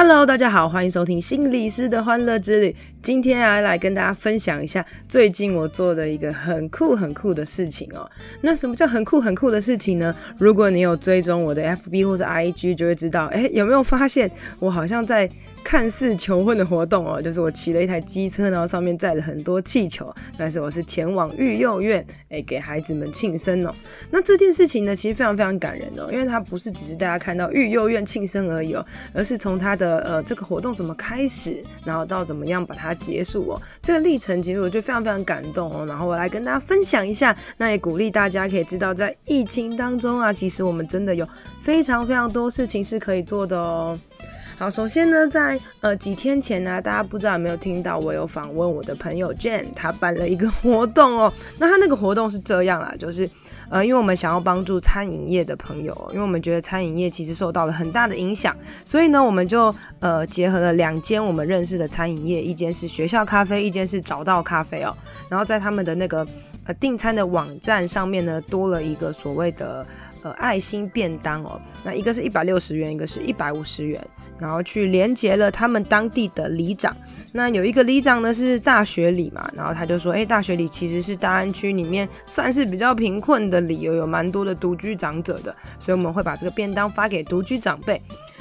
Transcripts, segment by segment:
Hello，大家好，歡迎收聽心理師的歡樂之旅。今天啊，來跟大家分享一下最近我做的一個很酷很酷的事情哦。那什麼叫很酷很酷的事情呢？如果你有追蹤我的 FB 或是 IG，就會知道，哎，有沒有發現我好像在？看似求婚的活動哦、喔，就是我騎了一台機車，然後上面載了很多氣球，但是我是前往育幼院，哎、欸，給孩子們慶生哦、喔。那這件事情呢，其實非常非常感人哦、喔，因為它不是只是大家看到育幼院慶生而已哦、喔，而是從它的呃這個活動怎麼開始，然後到怎麼樣把它結束哦、喔，這個歷程其實我就非常非常感動哦、喔。然後我來跟大家分享一下，那也鼓勵大家可以知道，在疫情當中啊，其實我們真的有非常非常多事情是可以做的哦、喔。好，首先呢，在呃幾天前呢，大家不知道有沒有聽到我有訪問我的朋友 j e n e 辦了一個活動哦。那他那個活動是這樣啦，就是呃，因為我們想要幫助餐飲業的朋友，因為我們覺得餐飲業其實受到了很大的影響，所以呢，我們就呃結合了兩間我們認識的餐飲業，一間是學校咖啡，一間是找到咖啡哦。然後在他們的那個呃訂餐的網站上面呢，多了一個所謂的。呃，愛心便當哦，那一個是一百六十元，一個是一百五十元，然後去連結了他們當地的里長，那有一個里長呢，是大學里嘛，然後他就說，誒、欸、大學里其實是大安區裡面算是比較貧困的里，有蠻多的獨居長者的，所以我們會把這個便當發給獨居長輩。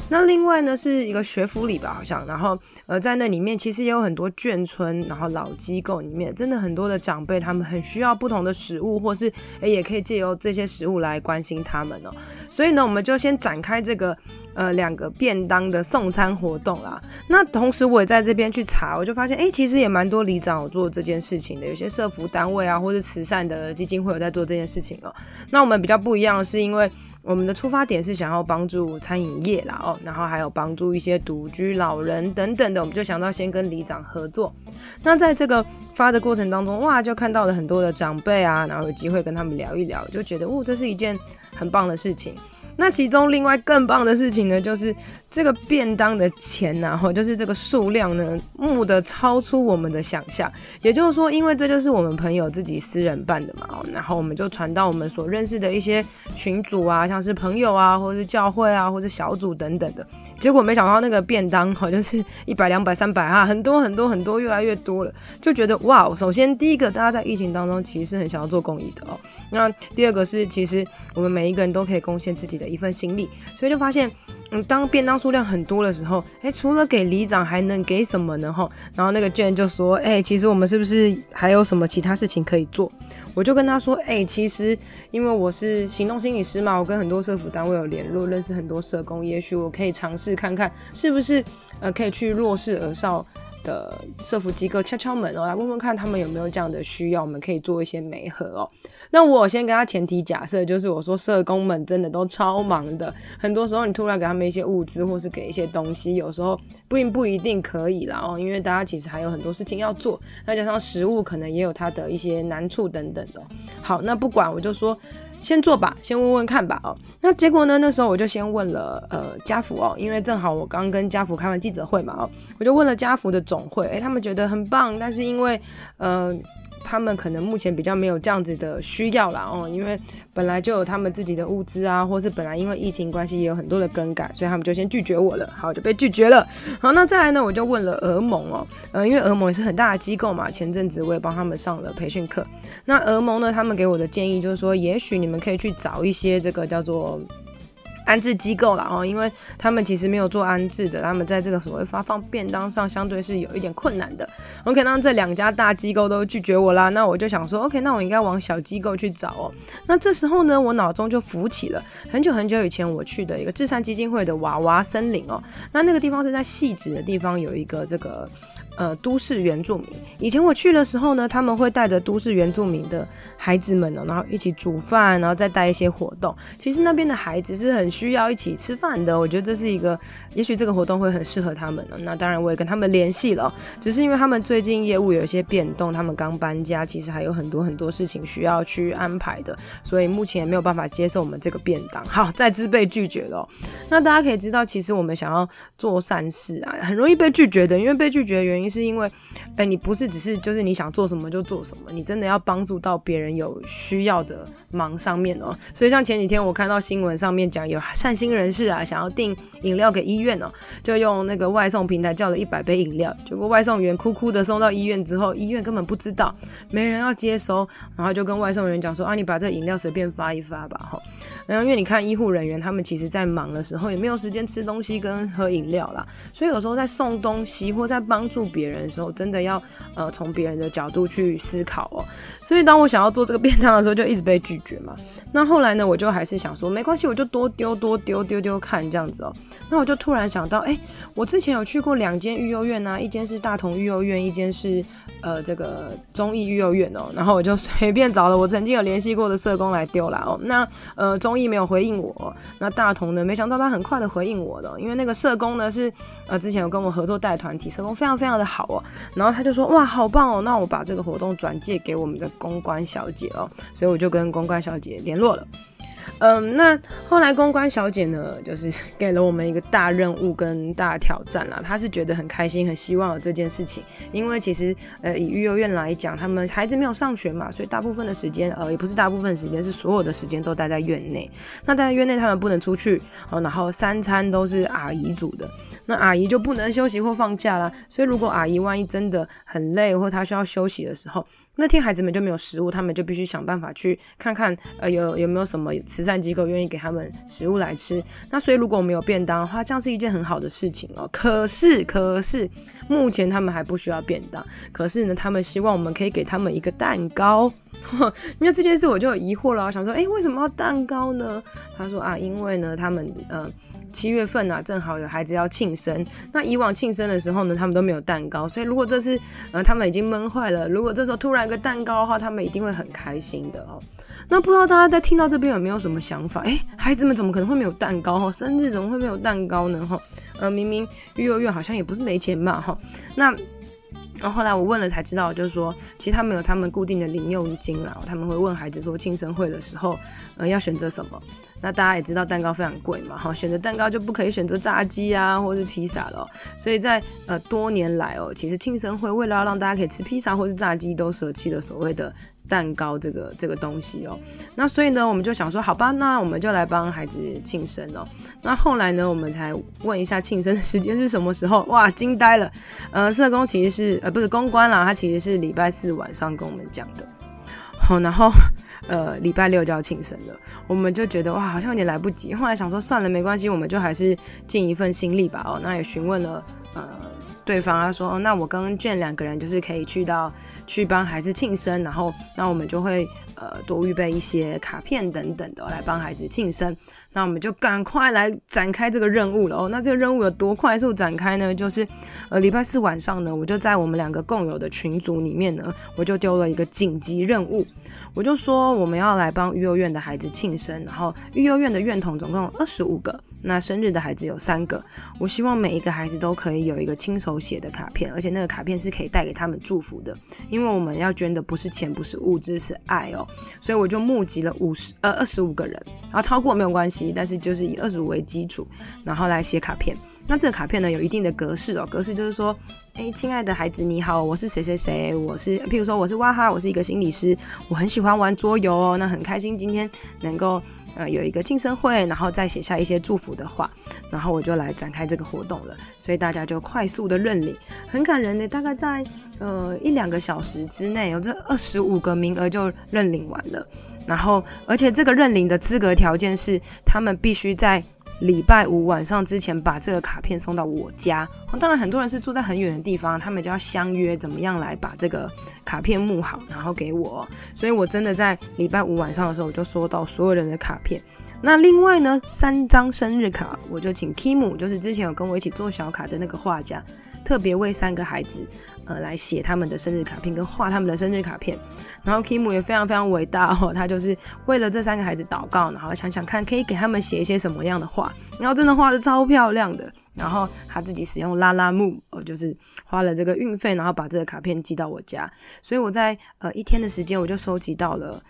那另外呢，是一個學府里吧，好像，然後呃，在那裡面其實也有很多眷村，然後老機構裡面，真的很多的長輩，他們很需要不同的食物，或是誒也可以借由這些食物來關心他們哦。所以呢，我們就先展開這個呃，兩個便當的送餐活動啦。那同時我也在這邊去查，我就發現誒，其實也蠻多里長有做這件事情的，有些社福單位啊，或是慈善的基金會有在做這件事情哦。那我們比較不一樣是因為我們的出發點是想要幫助餐飲業啦，哦，然後還有幫助一些獨居老人等等的，我們就想到先跟里長合作。那在這個發的過程當中，哇，就看到了很多的長輩啊，然後有機會跟他們聊一聊，就覺得，哦，這是一件很棒的事情。那其中另外更棒的事情呢，就是這個便當的錢吶，哈，就是這個數量呢，目的超出我們的想象。也就是說，因為這就是我們朋友自己私人辦的嘛，然後我們就傳到我們所認識的一些群組啊，像是朋友啊，或者是教會啊，或者是小組等等的。結果沒想到那個便當，哈，就是一百、兩百、三百啊，很多很多很多，越來越多了，就覺得哇，首先第一個，大家在疫情當中其實是很想要做公益的哦。那第二個是，其實我們每一個人都可以貢獻自己的。一份心意，所以就發現，嗯，當便當數量很多的時候，誒，除了給里長，還能給什麼呢？然後那個娟就說，哎，其實我們是不是還有什麼其他事情可以做？我就跟他說，哎，其實因為我是行動心理師嘛，我跟很多社福單位有聯絡，認識很多社工，也許我可以嘗試看看，是不是呃，可以去弱勢而少的社福機構敲敲門哦，來問問看他們有沒有這樣的需要，我們可以做一些媒合哦。那我先跟他前提假設，就是我說社工們真的都超忙的，很多時候你突然給他們一些物資或是給一些東西，有時候並不一定可以啦。哦，因為大家其實還有很多事情要做，再加上食物可能也有他的一些難處等等的。好，那不管我就說先做吧，先問問看吧哦。那結果呢？那時候我就先問了呃家福哦，因為正好我剛跟家福開完記者會嘛哦，我就問了家福的總會，誒、欸，他們覺得很棒，但是因為呃。他們可能目前比較沒有這樣子的需要啦哦，因為本來就有他們自己的物資啊，或是本來因為疫情關係也有很多的更改，所以他們就先拒絕我了，好，就被拒絕了。好，那再來呢，我就問了兒盟哦，嗯，因為兒盟也是很大的機構嘛，前陣子我也幫他們上了培訓課。那兒盟呢，他們給我的建議就是說，也許你們可以去找一些這個叫做。安置機構啦哦，因為他們其實沒有做安置的，他們在這個所謂發放便當上相對是有一點困難的。OK，那這兩家大機構都拒絕我啦，那我就想說，OK，那我應該往小機構去找哦、喔。那這時候呢，我腦中就浮起了很久很久以前我去的一個智善基金會的娃娃森林哦、喔，那那個地方是在汐止的地方有一個這個。呃，都市原住民，以前我去的時候呢，他們會帶着都市原住民的孩子們呢、喔，然後一起煮飯，然後再帶一些活動。其實那邊的孩子是很需要一起吃飯的，我覺得這是一個，也許這個活動會很適合他們呢、喔。那當然，我也跟他們聯繫了、喔，只是因為他們最近業務有一些變動，他們剛搬家，其實還有很多很多事情需要去安排的，所以目前也沒有辦法接受我們這個便當。好，再次被拒絕了、喔。那大家可以知道，其實我們想要做善事啊，很容易被拒絕的，因為被拒絕的原因，是因為，哎、欸,你不是只是就是你想做什麼就做什麼,你真的要幫助到別人有需要的忙上面哦。所以像前幾天我看到新聞上面講,有善心人士啊想要訂飲料給醫院哦,就用那個外送平台叫了一百杯飲料,結果外送員哭哭的送到醫院之後,醫院根本不知道,沒人要接收,然後就跟外送員講說啊,你把這個飲料隨便發一發吧,然後因為你看醫護人員，他們其實在忙的時候也沒有時間吃東西跟喝飲料啦，所以有時候在送東西或在幫助別人的時候，真的要呃從別人的角度去思考哦。所以當我想要做這個便當的時候，就一直被拒絕嘛。那後來呢，我就還是想說沒關係，我就多丟多丟丢丟看這樣子哦。那我就突然想到，哎，我之前有去過兩間育幼院吶，一間是大同育幼院，一間是呃這個忠義育幼院哦。然後我就隨便找了我曾經有聯繫過的社工來丟啦哦。那呃中。沒有回應我，那大同呢？沒想到他很快的回應我的，因為那個社工呢是，呃，之前有跟我們合作帶團體，社工非常非常的好哦。然後他就說，哇，好棒哦，那我把這個活動轉介給我們的公關小姐哦，所以我就跟公關小姐聯絡了。嗯，那後來公關小姐呢，就是給了我們一個大任務跟大挑戰啦，她是覺得很開心，很希望有這件事情，因為其實呃，以育幼院來講，他們孩子沒有上學嘛，所以大部分的時間呃，也不是大部分的時間，是所有的時間都待在院內。那待在院內，他們不能出去哦，然後三餐都是阿姨煮的，那阿姨就不能休息或放假啦。所以如果阿姨萬一真的很累，或她需要休息的時候，那天孩子們就沒有食物，他們就必須想辦法去看看，呃，有有沒有什麼慈善機構願意給他們食物來吃。那所以，如果我們有便當的話，這樣是一件很好的事情哦。可是，可是目前他們還不需要便當。可是呢，他們希望我們可以給他們一個蛋糕。那這件事我就有疑惑了，想說，誒、欸，為什麼要蛋糕呢？他說啊，因為呢，他們呃七月份呢、啊、正好有孩子要慶生，那以往慶生的時候呢，他們都沒有蛋糕，所以如果這次呃他們已經悶壞了，如果這時候突然一個蛋糕的話，他們一定會很開心的哦、喔。那不知道大家在聽到這邊有沒有什麼想法？誒、欸，孩子們怎麼可能會沒有蛋糕？哦，生日怎麼會沒有蛋糕呢？哈，呃，明明育幼院好像也不是沒錢嘛，哈，那。然後後來我問了才知道，就是說，其實他們有他們固定的零用金啦，他們會問孩子說，慶生會的時候，呃，要選擇什麼？那大家也知道，蛋糕非常貴嘛，哈，選擇蛋糕就不可以選擇炸雞啊，或是披薩了、喔。所以在呃多年來哦、喔，其實慶生會為了要讓大家可以吃披薩或是炸雞，都捨棄了所謂的。蛋糕這個這個東西哦，那所以呢，我們就想說，好吧，那我們就來幫孩子慶生哦。那後來呢，我們才問一下慶生的時間是什麼時候，哇，驚呆了。呃，社工其實是呃不是公關啦，他其實是禮拜四晚上跟我們講的。好，哦，然後呃禮拜六就要慶生了，我們就覺得哇，好像有點來不及。後來想說算了，沒關係，我們就還是盡一份心力吧。哦，那也詢問了呃。對方他說：“哦、那我跟 Jane 兩個人就是可以去到去幫孩子慶生，然後那我們就會呃多預備一些卡片等等的來幫孩子慶生。那我們就趕快來展開這個任務了哦。那這個任務有多快速展開呢？就是呃禮拜四晚上呢，我就在我們兩個共有的群組裡面呢，我就丟了一個緊急任務。”我就說我們要來幫育幼院的孩子慶生，然後育幼院的院童總共有二十五個，那生日的孩子有三個。我希望每一個孩子都可以有一個親手寫的卡片，而且那個卡片是可以帶給他們祝福的，因為我們要捐的不是錢，不是物資，是愛哦。所以我就募集了五十，呃二十五個人，然後超過沒有關係，但是就是以二十五為基礎，然後來寫卡片。那這個卡片呢，有一定的格式哦，格式就是說。誒、哎，親愛的孩子，你好，我是誰誰誰，我是，譬如說我是哇哈，我是一個心理師，我很喜歡玩桌遊哦，那很開心，今天能夠呃有一個慶生會，然後再寫下一些祝福的話，然後我就來展開這個活動了，所以大家就快速的認領，很感人的。大概在呃一兩個小時之內，有這二十五個名額就認領完了，然後而且這個認領的資格條件是，他們必須在。禮拜五晚上之前把這個卡片送到我家。哦，當然，很多人是住在很遠的地方，他們就要相約怎麼樣來把這個卡片募好，然後給我。所以我真的在禮拜五晚上的時候，我就收到所有人的卡片。那另外呢，三張生日卡，我就請 kimu，就是之前有跟我一起做小卡的那個畫家，特別為三個孩子，呃，來寫他們的生日卡片跟畫他們的生日卡片，然後 KIMU 也非常非常偉大哦，他就是為了這三個孩子禱告，然後想想看可以給他們寫一些什麼樣的話，然後真的畫得超漂亮的。然後他自己使用 Lalamove，呃,就是花了這個運費，然後把這個卡片寄到我家。所以我在呃一天的時間，我就收集到了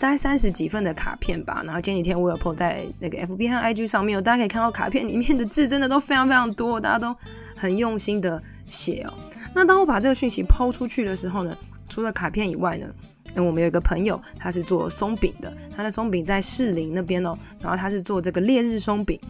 大概三十幾份的卡片吧。然後前幾天，天我有 po 在那個 FB 和 IG 上面，大家可以看到卡片裡面的字真的都非常非常多，大家都很用心的寫哦。那當我把這個訊息拋出去的時候呢，除了卡片以外呢，因為我們有一個朋友他是做鬆餅的，他的鬆餅在士林那邊哦，然後他是做這個烈日鬆餅。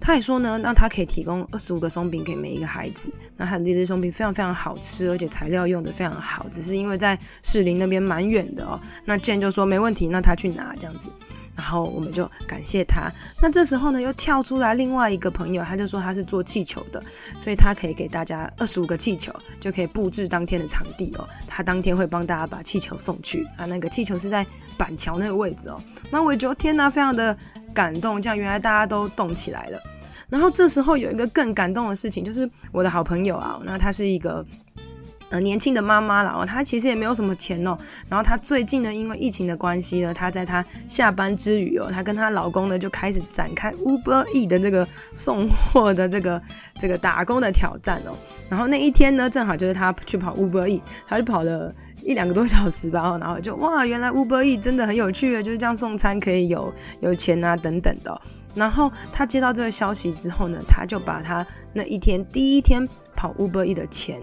他還說呢，那他可以提供二十五個鬆餅給每一個孩子，那他的烈日鬆餅非常非常好吃，而且材料用得非常好。只是因為在士林那邊蠻遠的哦、喔，那 Jane 就說沒問題，那他去拿這樣子，然後我們就感謝他。那這時候呢，又跳出來另外一個朋友，他就說他是做氣球的，所以他可以給大家二十五個氣球，就可以布置當天的場地哦、喔。他當天會幫大家把氣球送去啊，那個氣球是在板橋那個位置哦、喔。那我也覺得天哪、啊，非常的。感動，這樣原來，大家都動起來了。然後這時候有一個更感動的事情，就是我的好朋友啊，那她是一個、呃、年輕的媽媽了哦，她其實也沒有什麼錢哦。然後她最近呢，因為疫情的關係呢，她在她下班之餘哦，她跟她老公呢就開始展開 Uber E 的這個送貨的這個這個打工的挑戰哦。然後那一天呢，正好就是她去跑 Uber E，她就跑了。一兩個多小時吧，然後就哇，原來 Uber Eat 真的很有趣啊，就是這樣送餐可以有有錢啊等等的。然後他接到這個消息之後呢，他就把他那一天第一天跑 Uber Eat 的錢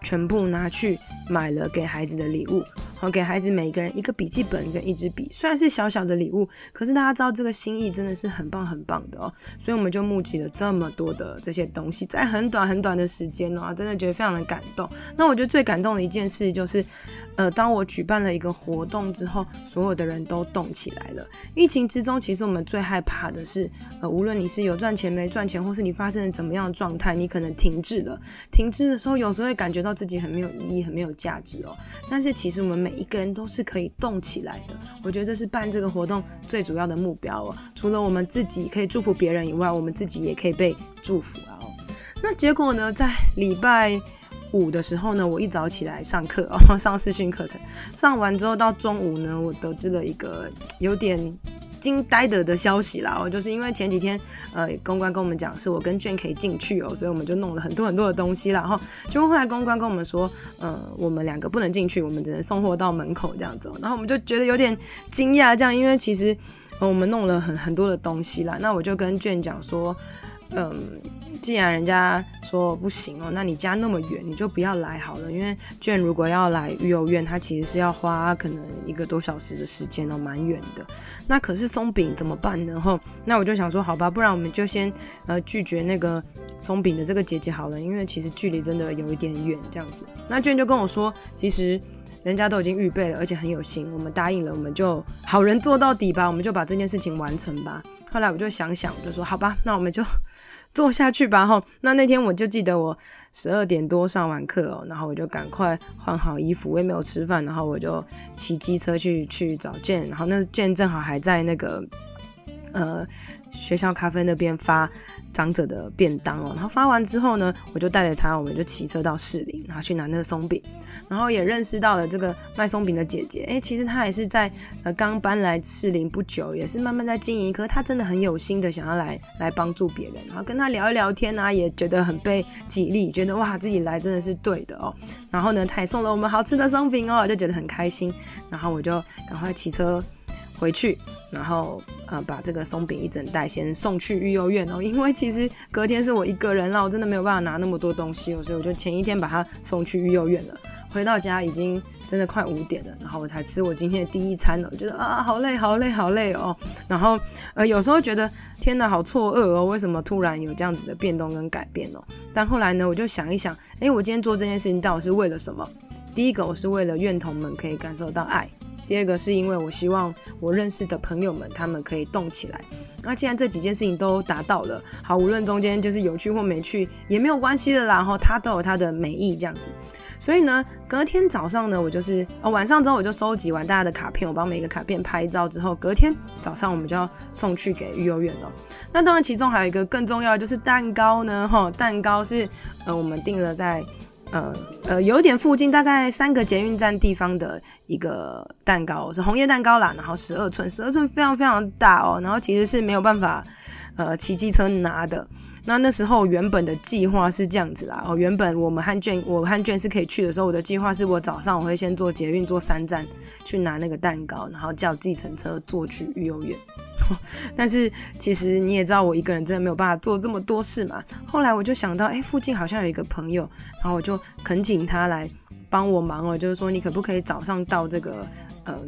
全部拿去買了給孩子的禮物。好，給、okay, 孩子每個人一個筆記本跟一支筆，雖然是小小的禮物，可是大家知道這個心意真的是很棒很棒的哦。所以我們就募集了這麼多的這些東西，在很短很短的時間哦，真的覺得非常的感動。那我覺得最感動的一件事就是，呃，當我舉辦了一個活動之後，所有的人都動起來了。疫情之中，其實我們最害怕的是，呃，無論你是有賺錢沒賺錢，或是你發生了怎麼樣的狀態，你可能停滯了。停滯的時候，有時候會感覺到自己很沒有意義，很沒有價值哦。但是其實我們。每一個人都是可以動起來的，我覺得這是辦這個活動最主要的目標哦。除了我們自己可以祝福別人以外，我們自己也可以被祝福啊、哦。那結果呢，在禮拜五的時候呢，我一早起來上課哦，上視訊課程，上完之後到中午呢，我得知了一個有點。驚呆的的消息啦，我就是因為前幾天，呃，公關跟我們講是我跟 Jane 可以進去哦，所以我們就弄了很多很多的東西啦，然後結果後來公關跟我們說，呃，我們兩個不能進去，我們只能送貨到門口這樣子，哦，然後我們就覺得有點驚訝，這樣，因為其實、呃、我們弄了很很多的東西啦，那我就跟 Jane 講說。嗯，既然人家說不行哦，那你家那麼遠，你就不要來好了。因為卷如果要來育幼院，他其實是要花可能一個多小時的時間哦，蠻遠的。那可是鬆餅怎麼辦呢？然後那我就想說，好吧，不然我們就先呃拒絕那個鬆餅的這個姐姐好了，因為其實距離真的有一點遠這樣子。那卷就跟我說，其實。人家都已經預備了，而且很有心。我們答應了，我們就好人做到底吧，我們就把這件事情完成吧。後來我就想想，就說好吧，那我們就做下去吧。吼，那那天我就記得我十二點多上完課哦，然後我就趕快換好衣服，我也沒有吃飯，然後我就騎機車去去找 Jane。然後那 Jane 正好還在那個。呃，學校咖啡那邊發長者的便當哦，然後發完之後呢，我就帶着他，我們就騎車到士林，然後去拿那個鬆餅，然後也認識到了這個賣鬆餅的姐姐。哎，其實她也是在呃剛搬來士林不久，也是慢慢在經營，可她真的很有心的想要來來幫助別人。然後跟他聊一聊天啊，也覺得很被激勵，覺得哇自己來真的是對的哦。然後呢，他也送了我們好吃的鬆餅哦，就覺得很開心。然後我就趕快騎車。回去，然後呃，把這個鬆餅一整袋先送去育幼院哦，因為其實隔天是我一個人了，然後我真的沒有辦法拿那麼多東西哦，所以我就前一天把它送去育幼院了。回到家已經真的快五點了，然後我才吃我今天的第一餐了，我覺得啊好累好累好累哦。然後呃，有時候覺得天哪，好錯愕哦，為什麼突然有這樣子的變動跟改變哦？但後來呢，我就想一想，誒，我今天做這件事情到底是為了什麼？第一個，我是為了院童們可以感受到愛。第二個是因為我希望我認識的朋友們，他們可以動起來。那既然這幾件事情都達到了，好，無論中間就是有趣或沒趣也沒有關係的啦，然後它都有它的美意這樣子。所以呢，隔天早上呢，我就是哦，晚上之後我就收集完大家的卡片，我幫每個卡片拍照之後，隔天早上我們就要送去給育幼院了。那當然，其中還有一個更重要的就是蛋糕呢哈、哦，蛋糕是呃我們訂了在。呃呃，有點附近大概三個捷運站地方的一個蛋糕是紅葉蛋糕啦，然後十二寸，十二寸非常非常大哦，然後其實是沒有辦法呃騎機車拿的。那那時候原本的計劃是這樣子啦，哦，原本我們和 Jane，我和 Jane 是可以去的時候，我的計劃是我早上我會先坐捷運坐三站去拿那個蛋糕，然後叫計程車坐去育幼院。但是其實你也知道，我一個人真的沒有辦法做這麼多事嘛。後來我就想到，誒、欸，附近好像有一個朋友，然後我就懇請他來幫我忙哦。就是說，你可不可以早上到這個呃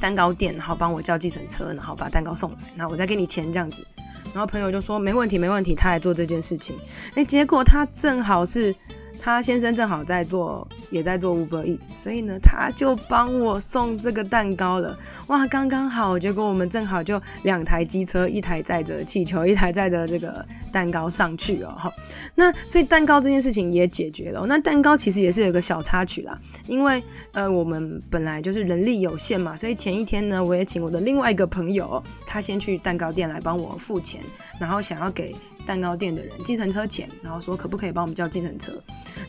蛋糕店，然後幫我叫計程車，然後把蛋糕送來，然後我再給你錢這樣子。然後朋友就說沒問題，沒問題，他來做這件事情。欸、結果他正好是。他先生正好在做，也在做 Uber Eats，所以呢，他就幫我送這個蛋糕了。哇，剛剛好，結果我們正好就兩台機車，一台載着氣球，一台載着這個蛋糕上去哦。那所以蛋糕這件事情也解決了哦。那蛋糕其實也是有個小插曲啦，因為呃，我們本來就是人力有限嘛，所以前一天呢，我也請我的另外一個朋友，他先去蛋糕店來幫我付錢，然後想要給。蛋糕店的人，計程車錢，然後說可不可以幫我們叫計程車？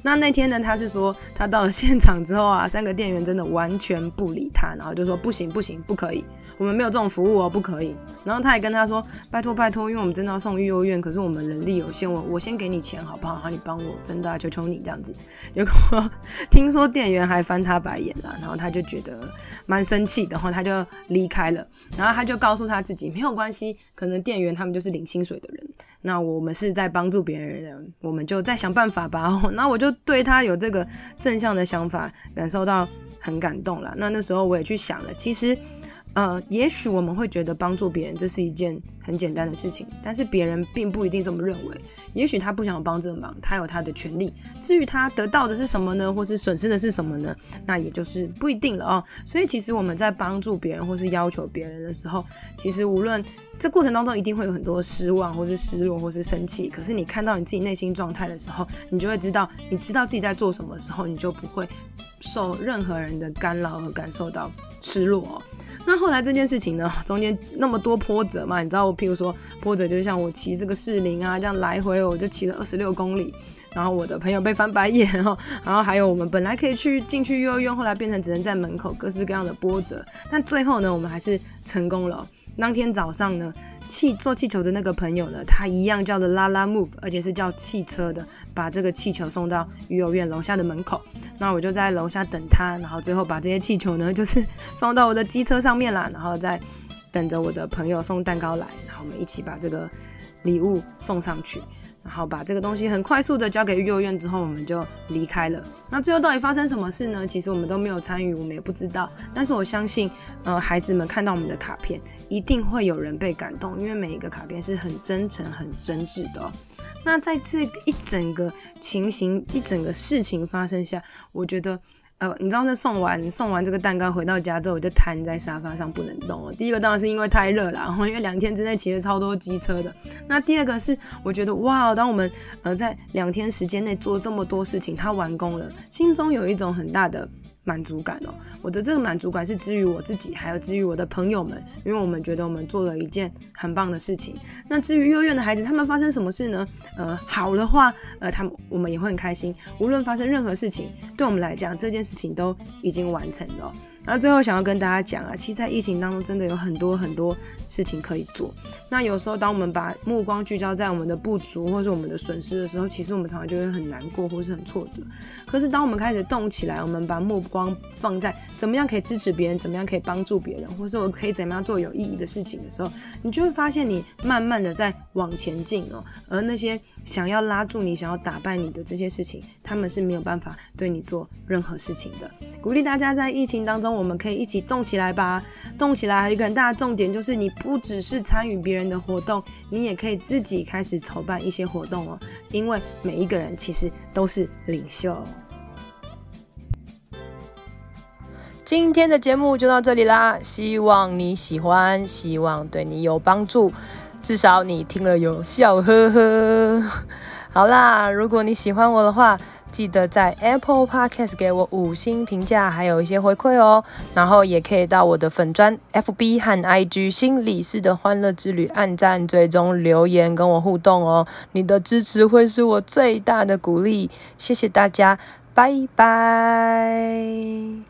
那那天呢，他是說他到了現場之後啊，三個店員真的完全不理他，然後就說不行不行不可以，我們沒有這種服務哦，不可以。然後他也跟他說拜托拜托，因為我們真的要送育幼院，可是我們人力有限，我我先給你錢好不好？然後你幫我真的、啊、求求你這樣子。結果聽說店員還翻他白眼了，然後他就覺得蠻生氣的，然後他就離開了。然後他就告訴他自己沒有關係，可能店員他們就是領薪水的人。那我們是在幫助別人的，我們就在想辦法吧哦，那我就對他有這個正向的想法，感受到很感動了。那那時候我也去想了，其實，呃，也許我們會覺得幫助別人，這是一件很簡單的事情，但是別人並不一定這麼認為。也許他不想幫這個忙，他有他的權利。至於他得到的是什麼呢？或是損失的是什麼呢？那也就是不一定了哦。所以其實我們在幫助別人或是要求別人的時候，其實無論。這過程當中一定會有很多失望，或是失落，或是生氣。可是你看到你自己內心狀態的時候，你就會知道，你知道自己在做什麼時候，你就不會受任何人的干擾和感受到失落哦。那後來這件事情呢，中間那麼多波折嘛，你知道，我譬如說波折，就像我騎這個士林啊，這樣來回我就騎了二十六公里。然後我的朋友被翻白眼然後,然後還有我們本來可以去進去育幼院，後來變成只能在門口，各式各樣的波折。但最後呢，我們還是成功了。當天早上呢，氣做氣球的那個朋友呢，他一樣叫的 Lalamove，而且是叫汽車的，把這個氣球送到育幼院樓下的門口。那我就在樓下等他，然後最後把這些氣球呢，就是放到我的機車上面啦，然後再等着我的朋友送蛋糕來，然後我們一起把這個禮物送上去。好吧，把這個東西很快速的交給育幼院之後，我們就離開了。那最後到底發生什麼事呢？其實我們都沒有參與，我們也不知道。但是我相信，呃，孩子們看到我們的卡片，一定會有人被感動，因為每一個卡片是很真誠、很真摯的哦。那在這一整個情形、一整個事情發生下，我覺得。呃，你知道，那送完送完這個蛋糕回到家之後，我就癱在沙發上不能動了。第一個當然是因為太熱了，然後因為兩天之內騎了超多機車的。那第二個是我覺得哇，當我們呃在兩天時間內做這麼多事情，它完工了，心中有一種很大的。滿足感哦，我的這個滿足感是之於我自己，還有之於我的朋友們，因為我們覺得我們做了一件很棒的事情。那至於育幼院的孩子，他們發生什麼事呢？呃，好的話，呃，他們我們也會很開心。無論發生任何事情，對我們來講，這件事情都已經完成了。那最後想要跟大家講啊，其實，在疫情當中，真的有很多很多事情可以做。那有時候，當我們把目光聚焦在我們的不足，或是我們的損失的時候，其實我們常常就會很難過，或是很挫折。可是，當我們開始動起來，我們把目光放在怎麼樣可以支持別人，怎麼樣可以幫助別人，或是我可以怎麼樣做有意義的事情的時候，你就會發現，你慢慢的在往前進哦。而那些想要拉住你、想要打敗你的這些事情，他們是沒有辦法對你做任何事情的。鼓勵大家在疫情當中。我們可以一起動起來吧！動起來，有一個很大的重點就是，你不只是參與別人的活動，你也可以自己開始籌辦一些活動哦。因為每一個人其實都是領袖。今天的節目就到這裡啦，希望你喜歡，希望對你有幫助，至少你聽了有笑呵呵。好啦，如果你喜歡我的話，記得在 Apple Podcast 給我五星評價，還有一些回饋哦。然後也可以到我的粉專 FB 和 IG 心理師的歡樂之旅按讚、追蹤、留言，跟我互動哦。你的支持會是我最大的鼓勵，謝謝大家，拜拜。